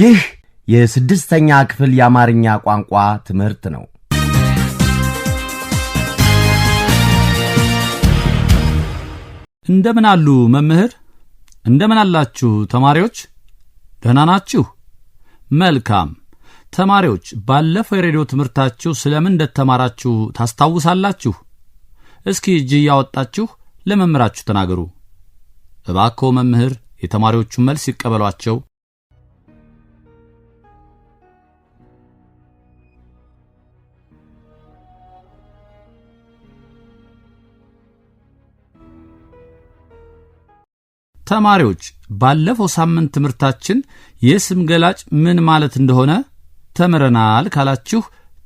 ይህ የስድስተኛ ክፍል የአማርኛ ቋንቋ ትምህርት ነው። እንደምን አሉ መምህር? እንደምን አላችሁ ተማሪዎች? ደህና ናችሁ? መልካም ተማሪዎች፣ ባለፈው የሬዲዮ ትምህርታችሁ ስለምን እንደተማራችሁ ታስታውሳላችሁ? እስኪ እጅ እያወጣችሁ ለመምህራችሁ ተናገሩ። እባክዎ መምህር የተማሪዎቹን መልስ ይቀበሏቸው። ተማሪዎች ባለፈው ሳምንት ትምህርታችን የስም ገላጭ ምን ማለት እንደሆነ ተምረናል ካላችሁ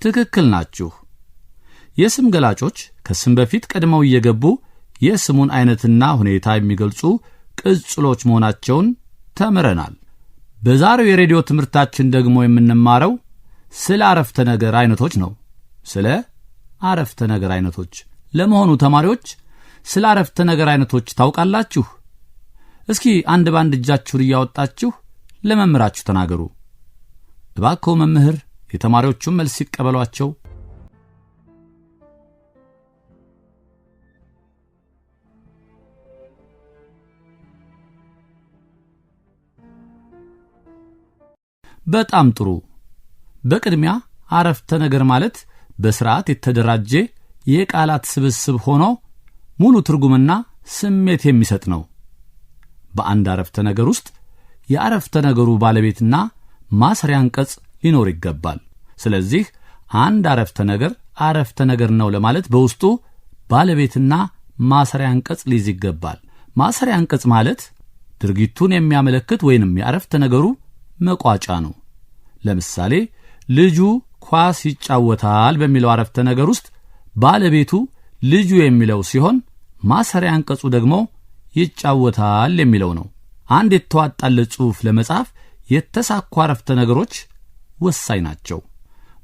ትክክል ናችሁ። የስም ገላጮች ከስም በፊት ቀድመው እየገቡ የስሙን አይነትና ሁኔታ የሚገልጹ ቅጽሎች መሆናቸውን ተምረናል። በዛሬው የሬዲዮ ትምህርታችን ደግሞ የምንማረው ስለ አረፍተ ነገር አይነቶች ነው። ስለ አረፍተ ነገር አይነቶች። ለመሆኑ ተማሪዎች ስለ አረፍተ ነገር አይነቶች ታውቃላችሁ? እስኪ አንድ ባንድ እጃችሁን እያወጣችሁ ለመምህራችሁ ተናገሩ። እባክዎ መምህር የተማሪዎቹን መልስ ይቀበሏቸው። በጣም ጥሩ። በቅድሚያ አረፍተ ነገር ማለት በስርዓት የተደራጀ የቃላት ስብስብ ሆኖ ሙሉ ትርጉምና ስሜት የሚሰጥ ነው። በአንድ አረፍተ ነገር ውስጥ የአረፍተ ነገሩ ባለቤትና ማሰሪያ አንቀጽ ሊኖር ይገባል። ስለዚህ አንድ አረፍተ ነገር አረፍተ ነገር ነው ለማለት በውስጡ ባለቤትና ማሰሪያ አንቀጽ ሊይዝ ይገባል። ማሰሪያ አንቀጽ ማለት ድርጊቱን የሚያመለክት ወይንም የአረፍተ ነገሩ መቋጫ ነው። ለምሳሌ ልጁ ኳስ ይጫወታል በሚለው አረፍተ ነገር ውስጥ ባለቤቱ ልጁ የሚለው ሲሆን ማሰሪያ አንቀጹ ደግሞ ይጫወታል የሚለው ነው። አንድ የተዋጣለ ጽሑፍ ለመጻፍ የተሳኩ አረፍተ ነገሮች ወሳኝ ናቸው።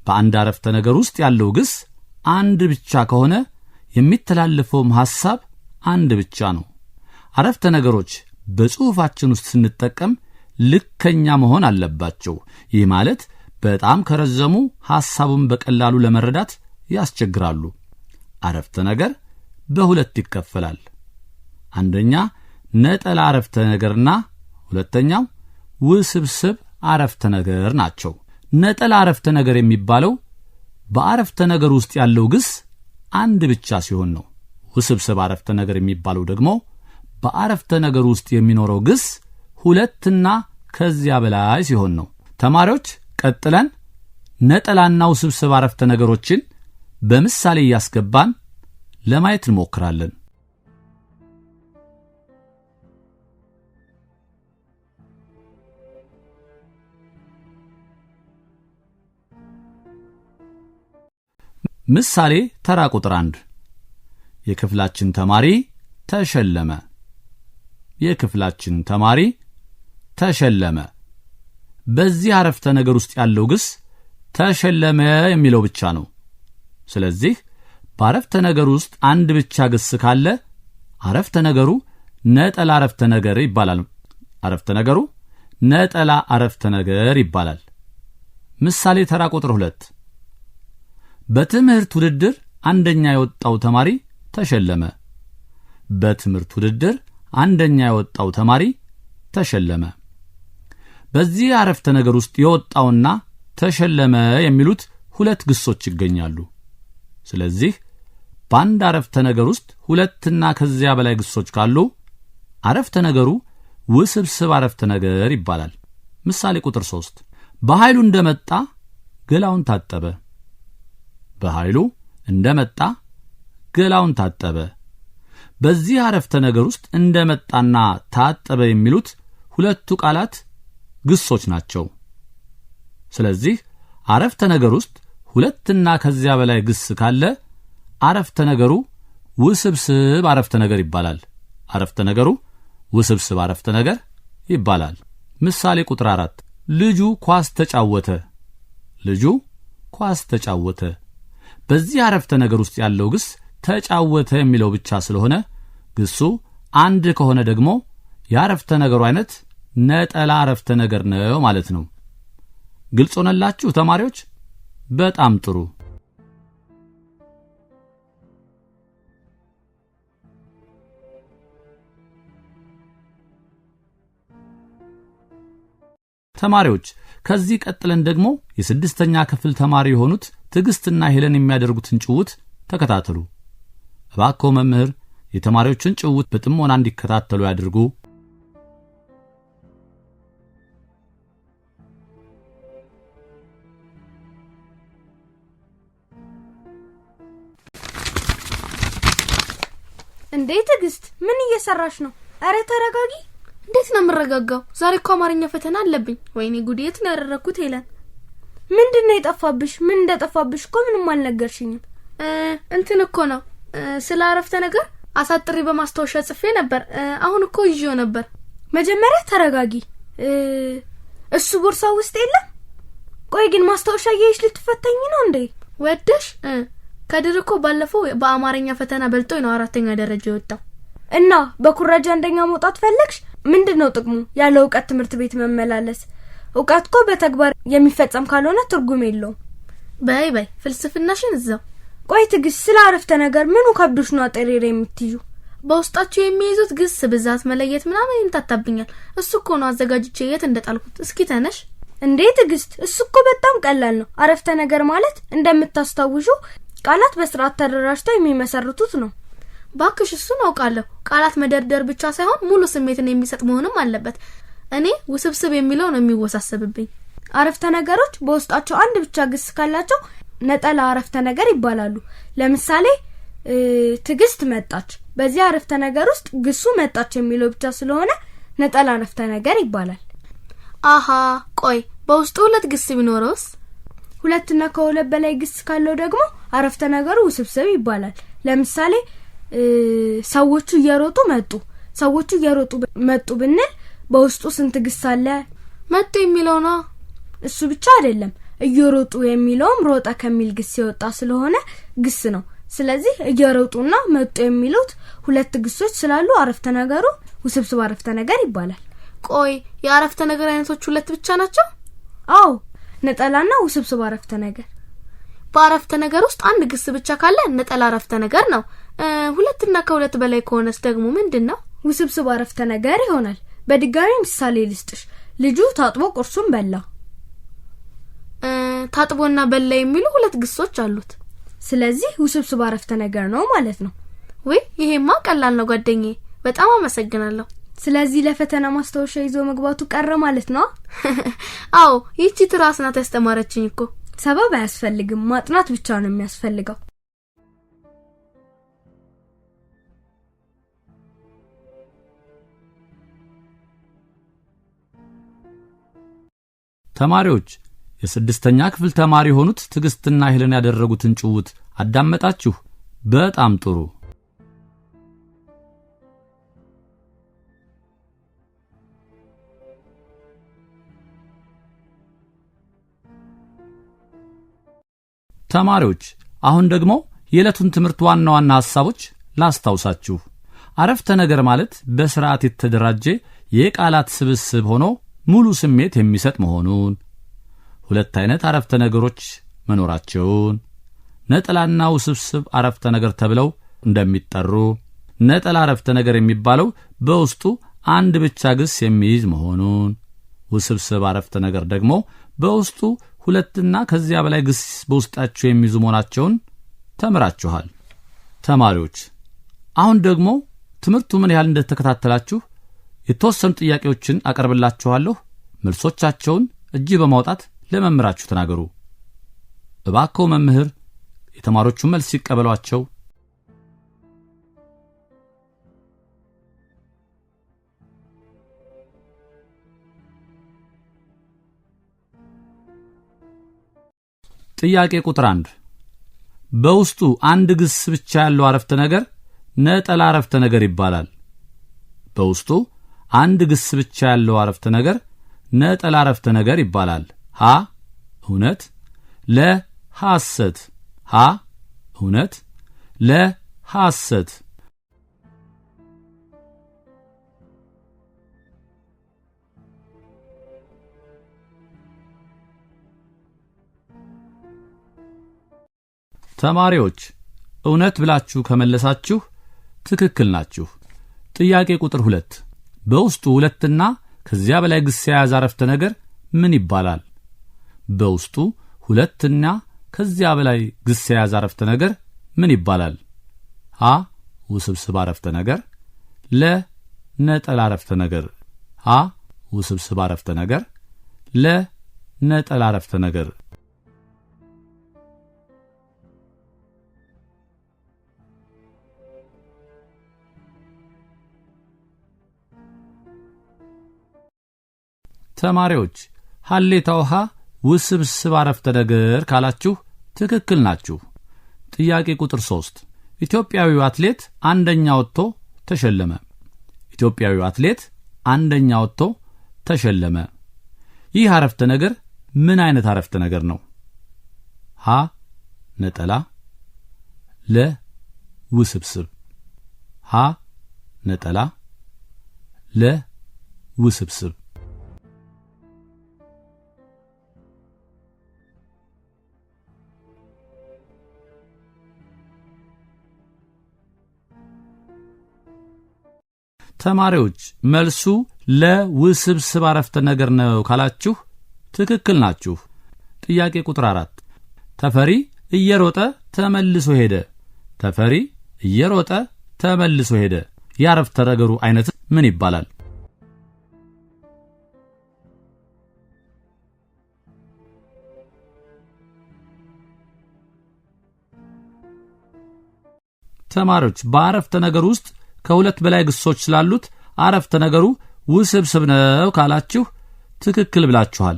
በአንድ አረፍተ ነገር ውስጥ ያለው ግስ አንድ ብቻ ከሆነ የሚተላለፈውም ሐሳብ አንድ ብቻ ነው። አረፍተ ነገሮች በጽሑፋችን ውስጥ ስንጠቀም ልከኛ መሆን አለባቸው። ይህ ማለት በጣም ከረዘሙ ሐሳቡን በቀላሉ ለመረዳት ያስቸግራሉ። አረፍተ ነገር በሁለት ይከፈላል። አንደኛ ነጠላ አረፍተ ነገርና ሁለተኛው ውስብስብ አረፍተ ነገር ናቸው። ነጠላ አረፍተ ነገር የሚባለው በአረፍተ ነገር ውስጥ ያለው ግስ አንድ ብቻ ሲሆን ነው። ውስብስብ አረፍተ ነገር የሚባለው ደግሞ በአረፍተ ነገር ውስጥ የሚኖረው ግስ ሁለትና ከዚያ በላይ ሲሆን ነው። ተማሪዎች ቀጥለን ነጠላና ውስብስብ አረፍተ ነገሮችን በምሳሌ እያስገባን ለማየት እንሞክራለን። ምሳሌ ተራ ቁጥር አንድ የክፍላችን ተማሪ ተሸለመ። የክፍላችን ተማሪ ተሸለመ። በዚህ አረፍተ ነገር ውስጥ ያለው ግስ ተሸለመ የሚለው ብቻ ነው። ስለዚህ በአረፍተ ነገር ውስጥ አንድ ብቻ ግስ ካለ አረፍተ ነገሩ ነጠላ አረፍተ ነገር ይባላል። አረፍተ ነገሩ ነጠላ አረፍተ ነገር ይባላል። ምሳሌ ተራ ቁጥር ሁለት በትምህርት ውድድር አንደኛ የወጣው ተማሪ ተሸለመ። በትምህርት ውድድር አንደኛ የወጣው ተማሪ ተሸለመ። በዚህ አረፍተ ነገር ውስጥ የወጣውና ተሸለመ የሚሉት ሁለት ግሶች ይገኛሉ። ስለዚህ በአንድ አረፍተ ነገር ውስጥ ሁለትና ከዚያ በላይ ግሶች ካሉ አረፍተ ነገሩ ውስብስብ አረፍተ ነገር ይባላል። ምሳሌ ቁጥር ሶስት በኃይሉ እንደመጣ ገላውን ታጠበ። በኃይሉ እንደ መጣ ገላውን ታጠበ። በዚህ አረፍተ ነገር ውስጥ እንደ መጣና ታጠበ የሚሉት ሁለቱ ቃላት ግሶች ናቸው። ስለዚህ አረፍተ ነገር ውስጥ ሁለትና ከዚያ በላይ ግስ ካለ አረፍተ ነገሩ ውስብስብ አረፍተ ነገር ይባላል። አረፍተ ነገሩ ውስብስብ አረፍተ ነገር ይባላል። ምሳሌ ቁጥር አራት ልጁ ኳስ ተጫወተ። ልጁ ኳስ ተጫወተ በዚህ አረፍተ ነገር ውስጥ ያለው ግስ ተጫወተ የሚለው ብቻ ስለሆነ ግሱ አንድ ከሆነ ደግሞ የአረፍተ ነገሩ አይነት ነጠላ አረፍተ ነገር ነው ማለት ነው። ግልጽ ሆነላችሁ ተማሪዎች? በጣም ጥሩ። ተማሪዎች ከዚህ ቀጥለን ደግሞ የስድስተኛ ክፍል ተማሪ የሆኑት ትዕግስትና ሄለን የሚያደርጉትን ጭውት ተከታተሉ። እባክዎ መምህር የተማሪዎችን ጭውት በጥሞና እንዲከታተሉ ያድርጉ። እንዴ ትዕግስት፣ ምን እየሰራሽ ነው? አረ ተረጋጊ። እንዴት ነው የምረጋጋው? ዛሬ እኮ አማርኛ ፈተና አለብኝ። ወይኔ ጉዴት ነው ያደረግኩት ሄለን ምንድን ነው የጠፋብሽ? ምን እንደጠፋብሽ እኮ ምንም አልነገርሽኝም። እንትን እኮ ነው ስለ አረፍተ ነገር አሳጥሪ በማስታወሻ ጽፌ ነበር። አሁን እኮ ይዤው ነበር። መጀመሪያ ተረጋጊ። እሱ ቦርሳ ውስጥ የለም። ቆይ ግን ማስታወሻ እየሽ ልትፈተኝ ነው እንዴ? ወደሽ ከድር እኮ ባለፈው በአማርኛ ፈተና በልጦ ነው አራተኛ ደረጃ የወጣው። እና በኩራጃ አንደኛ መውጣት ፈለግሽ? ምንድን ነው ጥቅሙ? ያለ እውቀት ትምህርት ቤት መመላለስ እውቀት እኮ በተግባር የሚፈጸም ካልሆነ ትርጉም የለውም። በይ በይ ፍልስፍናሽን እዛው። ቆይ ትግስት ስለ አረፍተ ነገር ምኑ ከብዶች ነው አጠሬሬ የምትዩ? በውስጣቸው የሚይዙት ግስ ብዛት መለየት ምናምን ይምታታብኛል። እሱ እኮ ነው አዘጋጅቼ የት እንደጣልኩት። እስኪ ተነሽ እንዴ ትግስት እሱ እኮ በጣም ቀላል ነው። አረፍተ ነገር ማለት እንደምታስታውሹ ቃላት በስርዓት ተደራጅተው የሚመሰርቱት ነው። ባክሽ፣ እሱን አውቃለሁ። ቃላት መደርደር ብቻ ሳይሆን ሙሉ ስሜትን የሚሰጥ መሆንም አለበት። እኔ ውስብስብ የሚለው ነው የሚወሳሰብብኝ። አረፍተ ነገሮች በውስጣቸው አንድ ብቻ ግስ ካላቸው ነጠላ አረፍተ ነገር ይባላሉ። ለምሳሌ ትዕግስት መጣች፣ በዚህ አረፍተ ነገር ውስጥ ግሱ መጣች የሚለው ብቻ ስለሆነ ነጠላ አረፍተ ነገር ይባላል። አሀ ቆይ፣ በውስጡ ሁለት ግስ ቢኖረውስ? ሁለትና ከሁለት በላይ ግስ ካለው ደግሞ አረፍተ ነገሩ ውስብስብ ይባላል። ለምሳሌ ሰዎቹ እየሮጡ መጡ። ሰዎቹ እየሮጡ መጡ ብንል በውስጡ ስንት ግስ አለ? መጡ የሚለው ነው። እሱ ብቻ አይደለም፣ እየሮጡ የሚለውም ሮጠ ከሚል ግስ የወጣ ስለሆነ ግስ ነው። ስለዚህ እየሮጡና መጡ የሚሉት ሁለት ግሶች ስላሉ አረፍተ ነገሩ ውስብስብ አረፍተ ነገር ይባላል። ቆይ የአረፍተ ነገር አይነቶች ሁለት ብቻ ናቸው? አዎ፣ ነጠላና ውስብስብ አረፍተ ነገር። በአረፍተ ነገር ውስጥ አንድ ግስ ብቻ ካለ ነጠላ አረፍተ ነገር ነው። ሁለትና ከሁለት በላይ ከሆነስ ደግሞ ምንድን ነው? ውስብስብ አረፍተ ነገር ይሆናል። በድጋሚ ምሳሌ ልስጥሽ። ልጁ ታጥቦ ቁርሱን በላ። ታጥቦና በላ የሚሉ ሁለት ግሶች አሉት። ስለዚህ ውስብስብ አረፍተ ነገር ነው ማለት ነው። ወይ ይሄማ ቀላል ነው ጓደኛዬ፣ በጣም አመሰግናለሁ። ስለዚህ ለፈተና ማስታወሻ ይዞ መግባቱ ቀረ ማለት ነው። አዎ ይቺ ትራስ ናት ያስተማረችኝ እኮ። ሰበብ አያስፈልግም፣ ማጥናት ብቻ ነው የሚያስፈልገው። ተማሪዎች የስድስተኛ ክፍል ተማሪ የሆኑት ትዕግሥትና ሄለን ያደረጉትን ጭውት አዳመጣችሁ። በጣም ጥሩ። ተማሪዎች አሁን ደግሞ የዕለቱን ትምህርት ዋና ዋና ሐሳቦች ላስታውሳችሁ። አረፍተ ነገር ማለት በሥርዓት የተደራጀ የቃላት ስብስብ ሆኖ ሙሉ ስሜት የሚሰጥ መሆኑን፣ ሁለት አይነት አረፍተ ነገሮች መኖራቸውን፣ ነጠላና ውስብስብ አረፍተ ነገር ተብለው እንደሚጠሩ፣ ነጠላ አረፍተ ነገር የሚባለው በውስጡ አንድ ብቻ ግስ የሚይዝ መሆኑን፣ ውስብስብ አረፍተ ነገር ደግሞ በውስጡ ሁለትና ከዚያ በላይ ግስ በውስጣቸው የሚይዙ መሆናቸውን ተምራችኋል። ተማሪዎች አሁን ደግሞ ትምህርቱ ምን ያህል እንደተከታተላችሁ የተወሰኑ ጥያቄዎችን አቀርብላችኋለሁ። መልሶቻቸውን እጅ በማውጣት ለመምህራችሁ ተናገሩ። እባክዎ መምህር የተማሪዎቹን መልስ ይቀበሏቸው። ጥያቄ ቁጥር አንድ በውስጡ አንድ ግስ ብቻ ያለው አረፍተ ነገር ነጠላ አረፍተ ነገር ይባላል። በውስጡ አንድ ግስ ብቻ ያለው አረፍተ ነገር ነጠላ አረፍተ ነገር ይባላል። ሀ እውነት፣ ለ ሐሰት። ሀ እውነት፣ ለ ሐሰት። ተማሪዎች እውነት ብላችሁ ከመለሳችሁ ትክክል ናችሁ። ጥያቄ ቁጥር ሁለት በውስጡ ሁለትና ከዚያ በላይ ግስ የያዘ አረፍተ ነገር ምን ይባላል? በውስጡ ሁለትና ከዚያ በላይ ግስ የያዘ አረፍተ ነገር ምን ይባላል? አ ውስብስብ አረፍተ ነገር፣ ለ ነጠላ አረፍተ ነገር። ሀ ውስብስብ አረፍተ ነገር፣ ለ ነጠላ አረፍተ ነገር አ ውስብስብ አረፍተ ነገር ለ ነጠላ አረፍተ ነገር ተማሪዎች ሐሌታ ውሃ ውስብስብ አረፍተ ነገር ካላችሁ ትክክል ናችሁ። ጥያቄ ቁጥር ሶስት ኢትዮጵያዊው አትሌት አንደኛ ወጥቶ ተሸለመ። ኢትዮጵያዊው አትሌት አንደኛ ወጥቶ ተሸለመ። ይህ አረፍተ ነገር ምን አይነት አረፍተ ነገር ነው? ሀ ነጠላ፣ ለ ውስብስብ። ሀ ነጠላ፣ ለ ውስብስብ ተማሪዎች መልሱ ለውስብስብ አረፍተ ነገር ነው ካላችሁ ትክክል ናችሁ። ጥያቄ ቁጥር አራት ተፈሪ እየሮጠ ተመልሶ ሄደ። ተፈሪ እየሮጠ ተመልሶ ሄደ የአረፍተ ነገሩ አይነት ምን ይባላል? ተማሪዎች በአረፍተ ነገር ውስጥ ከሁለት በላይ ግሶች ስላሉት አረፍተ ነገሩ ውስብስብ ነው ካላችሁ ትክክል ብላችኋል።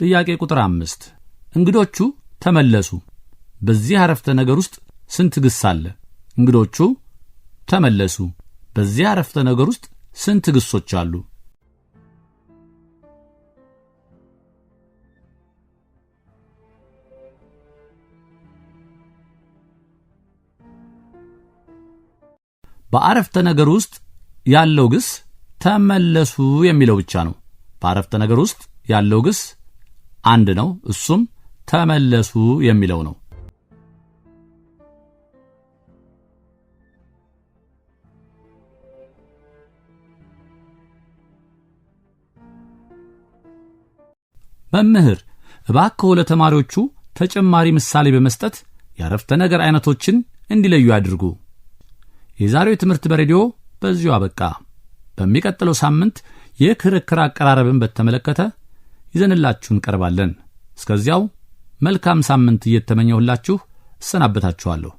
ጥያቄ ቁጥር አምስት እንግዶቹ ተመለሱ። በዚህ አረፍተ ነገር ውስጥ ስንት ግስ አለ? እንግዶቹ ተመለሱ። በዚህ አረፍተ ነገር ውስጥ ስንት ግሶች አሉ? በአረፍተ ነገር ውስጥ ያለው ግስ ተመለሱ የሚለው ብቻ ነው። በአረፍተ ነገር ውስጥ ያለው ግስ አንድ ነው፣ እሱም ተመለሱ የሚለው ነው። መምህር እባክዎ ለተማሪዎቹ ተጨማሪ ምሳሌ በመስጠት የአረፍተ ነገር አይነቶችን እንዲለዩ ያድርጉ። የዛሬው ትምህርት በሬዲዮ በዚሁ አበቃ። በሚቀጥለው ሳምንት የክርክር አቀራረብን በተመለከተ ይዘንላችሁ እንቀርባለን። እስከዚያው መልካም ሳምንት እየተመኘሁላችሁ እሰናበታችኋለሁ።